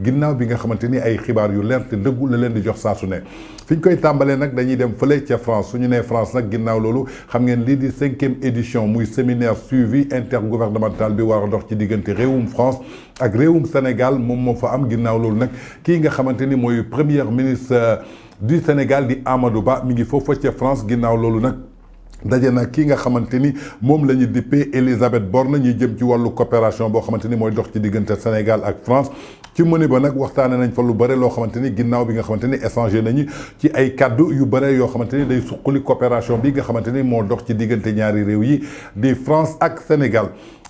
ginnaw bi nga xamanteni ay xibaar yu leer te dëggu la leen di jox sa su ne fiñ koy tambalé nak dañuy dem feulé ci France suñu né France nak ginnaw lolu xam ngeen li di cinquième édition muy séminaire suivi intergouvernemental bi war a dox ci digënté réewum France ak réewum Sénégal mom mo fa am ginnaw lolu nak ki nga xamanteni moy premier ministre du Sénégal di Amadou Ba mi ngi foofa ci France ginnaw lolu nak daje na ki nga xamanteni mom lañu Elisabeth Borne ni jëm ci walu coopération bo xamanteni moy dox ci digënté Sénégal ak France ci mëne ba nak waxtaane nañ fa lu bare lo xamanteni ginnaw bi nga xamanteni ni échangé nañu ci ay kàddu yu bare yo xamanteni day suqali coopération bi nga xamanteni mo dox ci digënté ñaari réew yi di France ak Sénégal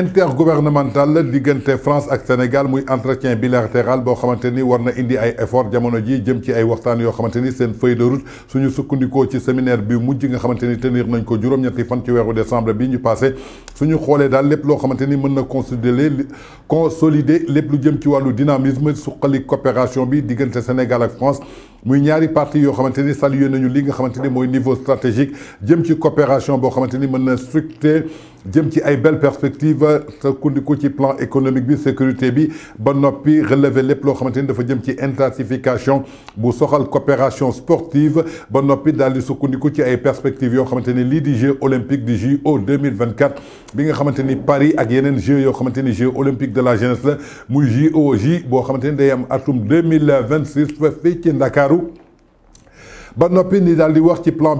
intergouvernemental la France ak Sénégal muy entretien bilatéral bo xamante warna indi ay effort jamono ji jëm ci ay waxtaan yo xamante sen feuille de route suñu sukkandikoo ci séminaire bi mujj nga xamante tenir nañ ko juroom ñetti fan ci weeru décembre bi ñu passé suñu xolé les lepp lo xamante mëna consolider consolider lepp lu jëm ci walu dynamisme suqali coopération bi diggante Sénégal ak France muy ñaari parti yoo xamante ni salué nañu li nga xamante ni mooy niveau stratégique jëm ci coopération boo xamante ni mën na structuré jëm ci ay belles perspectives sukkandiku ci plan économique bi sécurité bi ba noppi relever lépp loo xamante ni dafa jëm ci intensification bu soxal coopération sportive ba noppi daal di sukkandiku ci ay perspectives yoo xamante ni lii di Jeux olympiques di JO 2024 bi nga xamante ni Paris ak yeneen Jeux yoo xamante ni Jeux olympiques de la jeunesse la muy JOJ boo xamante ni day am atum 2026 fa fii ci Dakar Ndakaaru ba noppi ni plan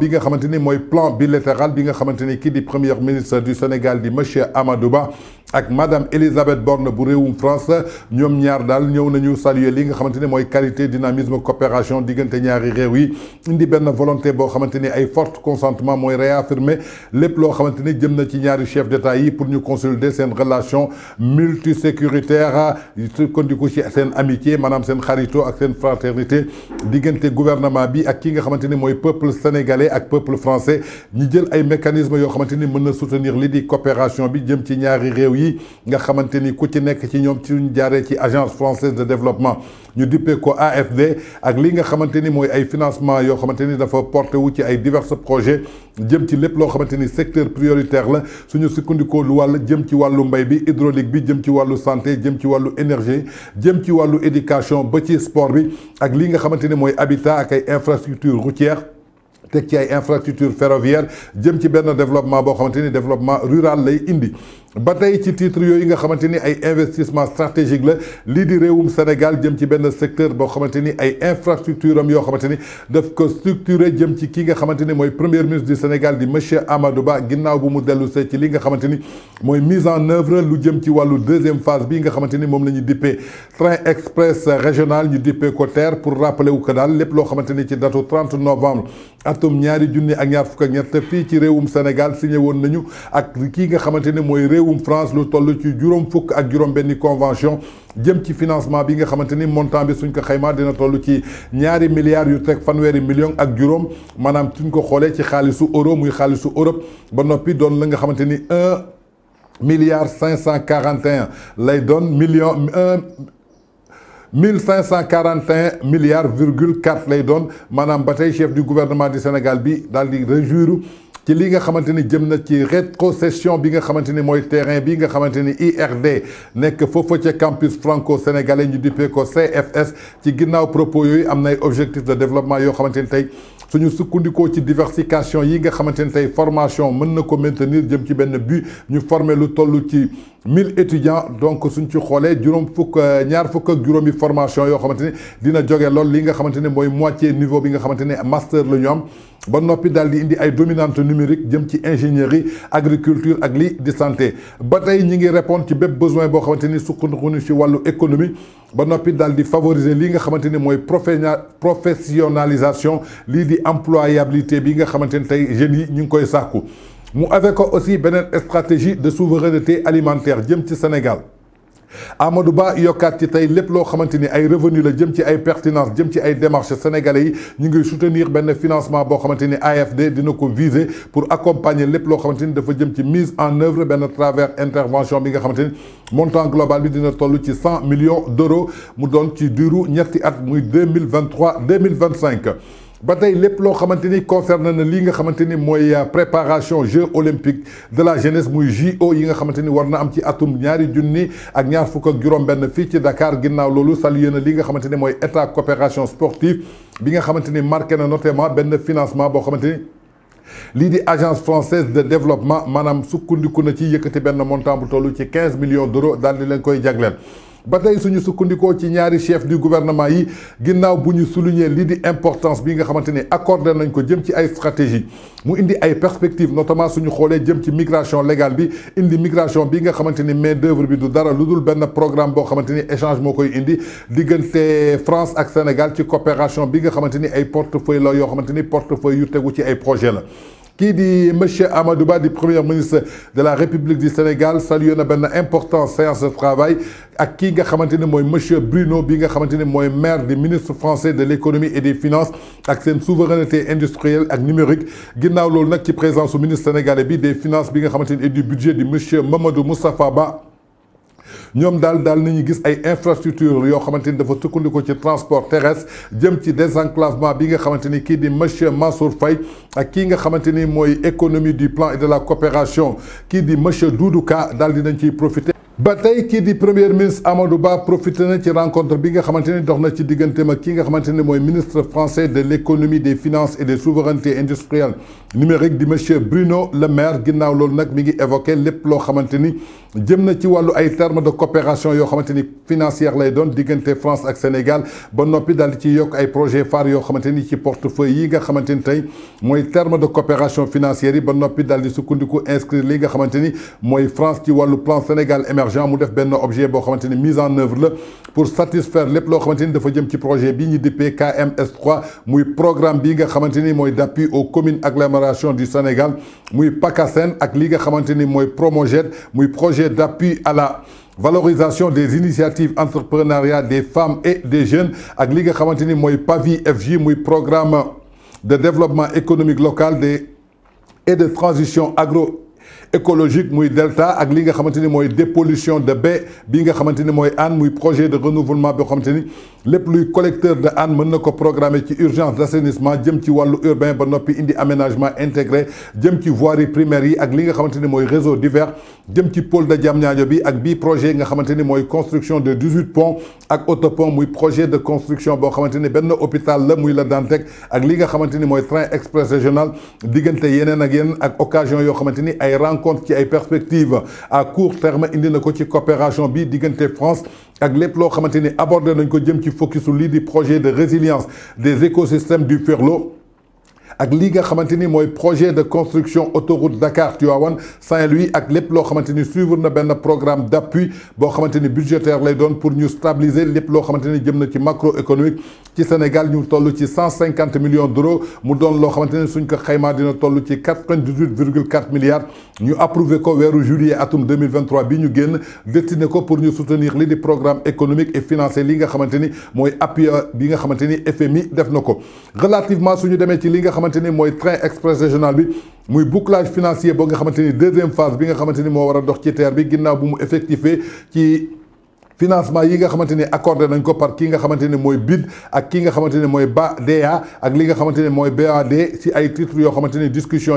plan bilatéral bi premier ministre du Sénégal M. Amadouba ak madame Elisabeth Borne bu réewum France ñom ñaar dal ñew nañu saluer li nga xamante moy qualité dynamisme coopération diggante ñaari réew yi indi ben volonté bo xamante ay forte consentement moy réaffirmer lepp lo xamante jëm na ci ñaari chef d'état yi pour ñu consolider sen relation multisécuritaire ko ci sen amitié manam sen xarito ak sen fraternité diggante gouvernement bi ak ki nga xamante moy peuple sénégalais ak peuple français ñi jël ay mécanismes yo xamante ni na soutenir li di coopération bi jëm ci ñaari réew yi nga xamante ni ku ci nekk ci ñoom ci jaaree ci agence française de développement ñu dippee ko AFD ak li nga xamante ni mooy ay financement yoo xamante ni dafa porté wu ci ay divers projets jëm ci lépp loo xamante secteur prioritaire la suñu sukkandikoo lu wàll jëm ci wàllu mbay bi hydraulique bi jëm ci wàllu santé jëm ci wàllu énergie jëm ci wàllu éducation ba ci sport bi ak li nga xamante ni mooy habitat ak ay infrastructures routières teg ci ay infrastructures ferroviaires jëm ci benn développement boo xamante ni développement rural lay indi ba tey ci titre yoy nga xamanteni ay investissement stratégique la li di rewum Sénégal jëm ci ben secteur bo xamanteni ay infrastructure am yo xamante daf ko structurer jëm ci ki nga xamanteni moy premier ministre du Sénégal di monsieur Amadou Ba ginnaw bu mu delu se ci li nga xamanteni moy mise en œuvre lu jëm ci walu deuxième phase bi nga xamanteni mom lañu dippé train express régional ñu dippé ko pour rappeler wu ko dal lepp lo xamanteni ci datu 30 novembre atum ñaari junni ak ñaar fuk ak ñett fi ci rewum Sénégal signé won nañu ak ki nga xamanteni moy réewum France lu toll ci juroom fukk ak juroom benni convention jëm ci financement bi nga xamante ni montant bi suñ ko xaymaa dina toll ci ñaari milliards yu teg fanweeri million ak juróom maanaam suñ ko xoolee ci xaalisu euro muy xaalisu Europe ba noppi doon la nga xamante ni un milliard 541 cent quarante un lay doon million un. milliards virgule 4 lay doon maanaam ba chef du gouvernement du Sénégal bi daal di réjouir ci li nga xamante ni jëm na ci rétrocession bi nga xamante ni mooy terrain bi nga xamante ni IRD nekk foofa ca campus franco sénégalais ñu duppee ko CFS ci ginnaaw propos yooyu am nay objectif objectifs de développement yoo xamante ni tey suñu sukkandikoo ci diversification yi nga xamante ni tey formation mën na ko maintenir jëm ci benn but ñu former lu toll ci. 1000 étudiants donc suñ ci xolé fuk ñaar ont formation dina li nga moitié niveau bi master la ñom ba dominante numérique jëm ci ingénierie agriculture ak santé ba tay ñi ngi répondre ci besoin bo xamanteni la sur ci économie favoriser li professionnalisation l'employabilité, di employabilité bi nga nous avons aussi une stratégie de souveraineté alimentaire du Sénégal Amadou Ba il ci a des revenus, des pertinences, ay revenu la démarches sénégalais yi ñu ngi soutenir financement de l'AFD, AFD dina viser pour accompagner lepp lo xamanteni mise en œuvre de travers intervention bi nga montant global bi dina tollu ci millions d'euros, Nous mu doon ci duru ñetti at muy ba tey lépp loo xamante concerne na li nga xamanteni moy euh, préparation Jeux olympiques de la jeunesse moy JO yi nga xamanteni ni war na am ci atum ñaari junni ak ñaar fukk ak juróom-benn fii ci Dakar ginnaw loolu salué li nga xamanteni moy état coopération sportive bi nga xamanteni marqué na notamment ben financement bo xamanteni ni. di agence française de développement maanaam sukkandiku na ci yëkkati benn montant bu toll ci quinze millions d'euros dans di leen koy jagleel ba tey suñu sukkandikoo ci ñaari chef du gouvernement yi ginnaw buñu ñu souligner lii di importance bi nga xamanteni accordé nañ ko jëm ci ay stratégie mu indi ay perspectives notamment suñu xolé jëm ci migration légale bi indi migration bi nga xamanteni ni main d'œuvre bi du dara lu ben programme bo xamanteni échange moo koy indi diggante France ak Sénégal ci coopération bi nga xamanteni ay portefeuille la yo xamanteni portefeuille yu téggu ci ay projet la qui dit M. Amadouba, du premier ministre de la République du Sénégal salue une importante séance de travail à qui nga Bruno bi maire du ministre français de l'économie et des finances avec une souveraineté industrielle et numérique qui qui qui ci présence ministre sénégalais des finances et du budget de monsieur Mamadou Moustapha Ba ñoom daal daal nañu gis ay infrastructure yoo xamante ni dafa sukkandiku ci transport terrestre jëm ci désenclavement bi nga xamante ni kii di monsieur Mansour Faye ak kii nga xamante ni mooy économie du plan et de la coopération kii di monsieur Doudouka Ka daal dinañ ciy profiter ba tey kii premier ministre Amadou Ba profité na ci rencontre bi nga xamanteni doxna ci digganteem ak ki nga xamanteni moy ministre français de l'économie des finances et des souverainetés industrielles numériques di monsieur Bruno Le Maire ginnaaw loolu nak mi ngi évoquer lepp lo xamanteni jëm na ci walu ay termes de coopération yo xamanteni financière lay doon diggante France ak Sénégal ba nopi dal ci yok ay projets phare yo xamanteni ci portefeuille yi nga xamanteni tay moy termes de coopération financière yi ba nopi dal di sukkandiku inscrire li nga xamanteni moy France ci walu plan Sénégal émergent émergent mu def objet bo xamanteni mise en œuvre pour satisfaire les projets xamanteni dafa jëm ci projet bi 3 muy programme bi nga xamanteni moy d'appui aux communes agglomération du Sénégal muy PACASEN ak li nga xamanteni projet d'appui à la valorisation des initiatives entrepreneuriales des femmes et des jeunes ak li nga PAVI FJ muy programme de développement économique local des et de transition agro écologique moy delta ak li nga xamanteni moy dépollution de baie bi nga xamanteni moy mooy moy projet de renouvellement bi xamanteni lepp luy collecteur de Hann mën na ko programmer ci urgence d'assainissement assainissement jëm ci walu urbain ba nopi indi aménagement intégré jëm ci voirie primaire yi ak li nga xamanteni moy réseau divers jëm ci pôle de Diamniadio bi ak bi projet nga xamanteni moy construction de 18 ponts ak autopont moy projet de construction bo xamanteni ben hôpital la moy la dantek ak li nga xamanteni moy train express régional diggante yenen ak yeneen ak occasion yo xamanteni ay rencontre qui a une perspective à court terme indi ci coopération bi diganté France avec les plots xamante aborder abordé nañ ko jëm ci focus sur di projet de résilience des écosystèmes du Ferlo ak li nga xamanteni moy projet de construction autoroute Dakar Tivaouane Saint-Louis ak lepp lo xamanteni suivre na ben programme d'appui, bo xamanteni budgétaire lay doon pour ñu stabiliser lepp lo xamanteni jëm na ci macroéconomique ci Sénégal ñu tollu ci 150 millions d'euros. mu doon lo xamanteni suñ ko xeyma dina tollu ci 98,4 milliards ñu approuvé ko wéru juillet atum deux bi ñu génn destiné ko pour ñu soutenir li di programme économique et financier li nga xamanteni moy appui bi nga xamanteni FMI def nako relativement suñu démé ci li nga xamante moy train express régional bi bouclage financier la deuxième phase bi nga xamanteni mo wara dox ci terre bi bu mu financement yi accordé nañ ko par ki nga BID ak ki nga à moy ba ak li nga BAD titres discussion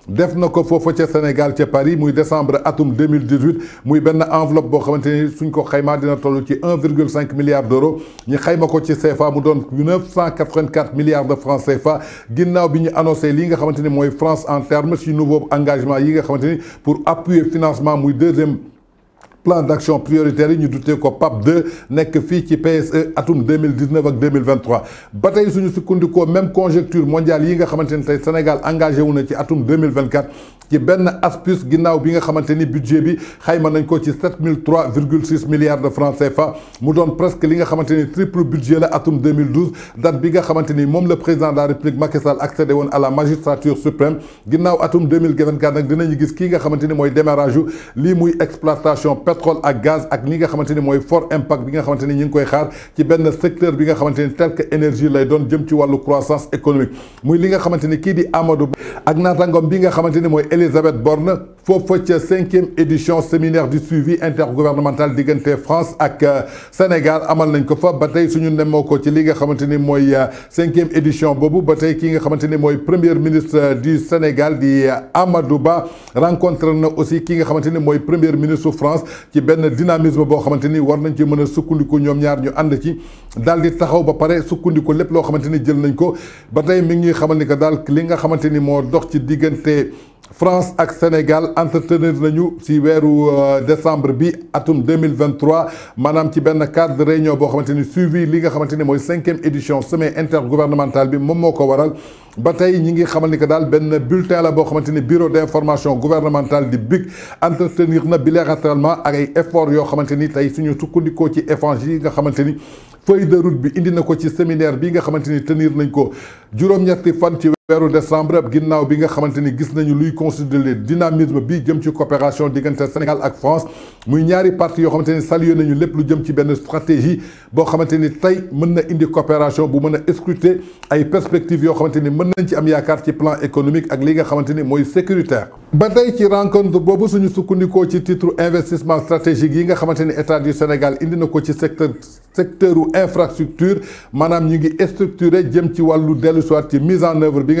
def na ko Sénégal ca Paris en décembre atum 2018 muy benn enveloppe boo xamante 1,5 milliard d'euros ñu xayma ko ci CFA mu doon 984 milliards de francs CFA ginnaaw bi ñu annoncé que nga xamante France en termes de nouveau engagement pour appuyer le financement du deuxième plan d'action prioritaire et ñu doutons ko PAP 2 que fille ci PSE atum 2019 ak 2023 ce suñu suñu ko même conjecture mondiale yi nga xamanteni le Sénégal engagé wu na ci atum 2024 ci benn aspus plus bi nga xamanteni budget bi xayma nañ ko ci 7003,6 milliards de francs CFA mu doon presque li nga xamanteni triple budget la atum 2012 date bi nga xamanteni ni le président de la République Macky Sall accédé à la magistrature suprême ginnaw atum 2024 nak dinañu gis ki nga xamanteni moy démarrage li muy exploitation pétrole ak gaz ak li nga xamanteni moy fort impact bi nga xamanteni ñing qui koy xaar ci ben secteur bi nga xamanteni tel que énergie lay doon jëm ci walu croissance économique muy li nga xamanteni ki di Amadou ak natangom bi nga xamante Elizabeth mooy Elisabeth Borne ci 5 cinquième édition séminaire du suivi intergouvernemental diggante France ak euh, Sénégal amal nañ ko fa batay suñu nemmoo ko ci li nga xamanteni moy 5 euh, cinquième édition Bobu batay ki nga xamanteni moy premier ministre euh, du Sénégal di Amadou Ba rencontre na aussi ki nga xamanteni moy premier ministre de France ci benn dynamisme boo xamante ni war nañ ci mën a sukkandiku ñoom ñaar ñu ànd ci daal di taxaw ba pare sukkandiku lépp loo xamante ni jël nañ ko ba tey mi ngi xamal ni que daal li nga xamante ni moo dox ci diggante. France ak Sénégal entretenir nañu ci weeru euh, décembre bi atum 2023 manam ci benn cadre de réunion boo suivi li nga xamanteni moy 5 cinquième édition sommet intergouvernemental bi mom moko waral batay ñi xamal ni que dal benn bulletin la bo xamanteni bureau d'information gouvernementale di BIC entretenir na bilatéralement ak ay efforts yo, xamanteni tay suñu sukkandikoo ci échange nga xamanteni feuille de route bi indi na ko ci séminaire bi nga xamanteni tenir nañ ko juróom-ñetti fan ci weeru décembre ginnaaw bi nga xamanteni gis nañu luy considérer dynamisme bi jëm ci coopération diggante Sénégal ak France muy ñaari parti yo xamanteni saluer nañu lepp lu jëm ci ben stratégie bo xamanteni tay tey mën na indi coopération bu mën a scruter ay perspectives yo xamanteni ni mën nañ ci am yaakaar ci plan économique ak li nga xamanteni moy sécuritaire. ba tay ci rencontre bobu suñu sukkandikoo ci titre investissement stratégique yi nga xamanteni état du Sénégal indi na ko ci secteur secteur infrastructure manam ñu ngi structurer jëm ci walu le soit ci mise en œuvre bi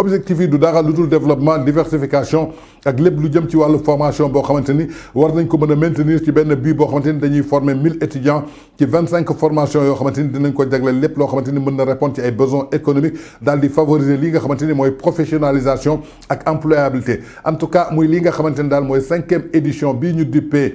objectif du dara lutul développement diversification ak lepp lu jëm ci walu formation bo xamanteni war nañ ko mën maintenir ci benn bi bo xamanteni dañuy former mille étudiants ci 25 formations yo xamanteni dinañ ko jagleel lepp lo xamanteni ni répondre ci ay besoins économiques dal di favoriser li nga xamanteni moy professionnalisation ak employabilité en tout cas muy li nga xamanteni dal moy 5 cinquième édition bi ñu dippee